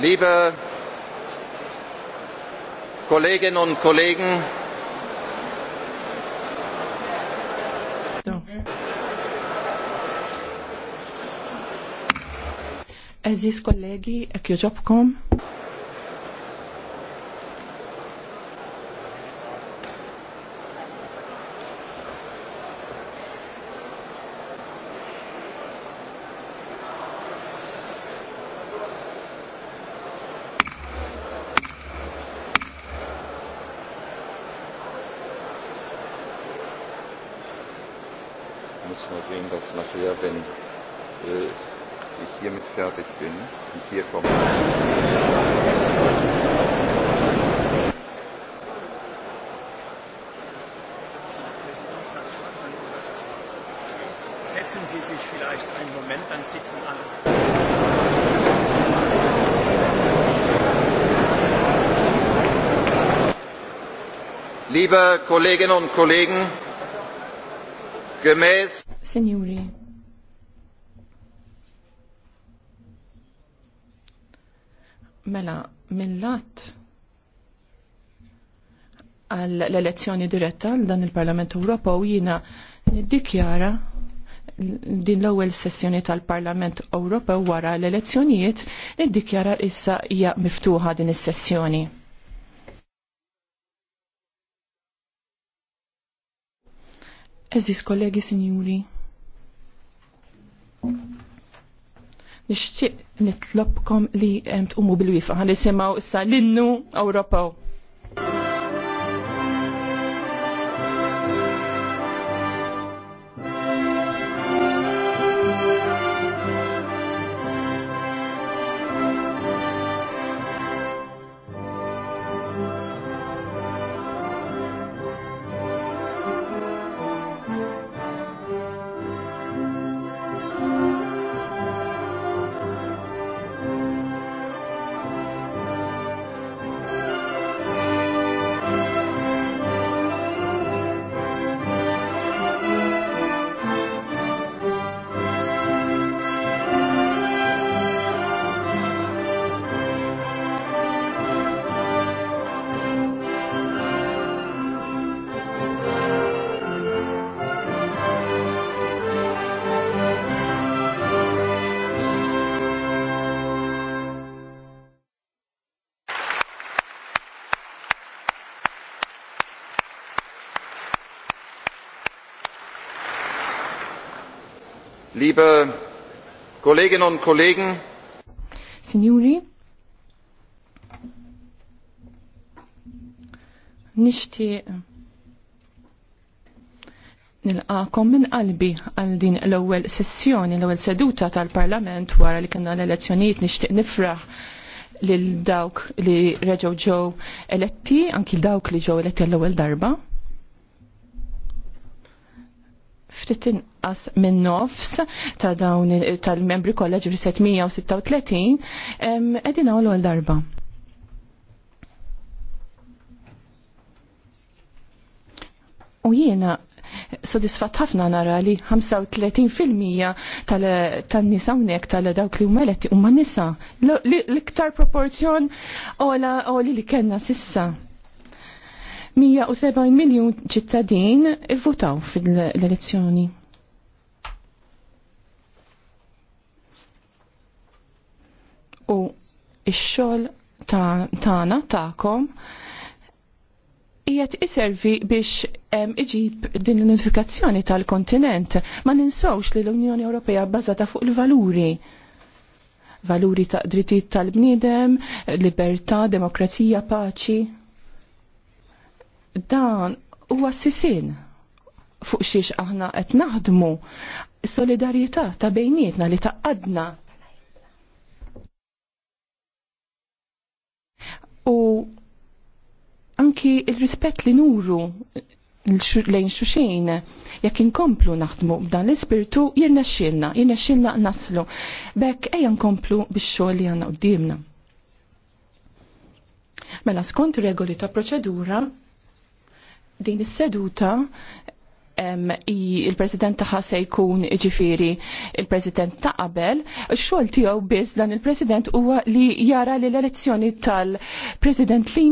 Liebe Kolleginnen und Kollegen, Aziz kollegi, ek joġobkom. muss mal sehen, dass nachher, wenn äh, ich hiermit fertig bin und hier komme. Setzen Sie sich vielleicht einen Moment, dann sitzen alle. Liebe Kolleginnen und Kollegen, Gemäß. Signori. Mela, millat għall-elezzjoni diretta għal dan il-Parlament Ewropa u jiena niddikjara din l-ewwel sessjoni tal-Parlament Ewropew wara l-elezzjonijiet niddikjara issa hija miftuħa din is-sessjoni. Eżis kollegi sinjuri. Nixtieq nitlobkom li tqumu bil-wifa ħan issa l-innu Ewropew. Liebe Kolleginnen und Kollegen, Signori, nishti nilqakom minn qalbi għal din l-ewwel sessjoni, l-ewwel seduta tal-Parlament wara li kellna l-elezzjonijiet nixtieq nifraħ lil dawk li reġgħu ġew eletti, anki dawk li ġew eletti l-ewwel darba ftit inqas minn nofs ta' dawn tal-membri kollha ġifri 736 qegħdin hawn l darba. U jiena sodisfat ħafna nara li 35% tan nisa hawnhekk tal-dawk li huma eletti huma nisa l-iktar proporzjon ola li kellna sissa 107 miljon ċittadin votaw fil-elezzjoni. U ix-xogħol tagħna tagħkom qiegħed iservi biex ehm, iġib din l-unifikazzjoni tal-kontinent. Ma ninsawx li l-Unjoni Ewropea bbażata fuq il-valuri valuri ta' drittijiet tal-bniedem, libertà, demokrazija, paċi Dan huwa sisin fuq xiex aħna qed naħdmu solidarjetà ta' bejnietna li taqadna. U anki il-rispett li nuru lejn xuxin, jekk inkomplu naħdmu b'dan l-ispirtu, jirna xilna naslu. Bekk ejja nkomplu bix-xogħol li għanna qudiemna. Mela skont regoli ta' proċedura, din is-seduta il-president taħħa se jkun ġifiri il-president ta' qabel, xogħol tiegħu biss dan il-president huwa li jara li l-elezzjoni tal-president li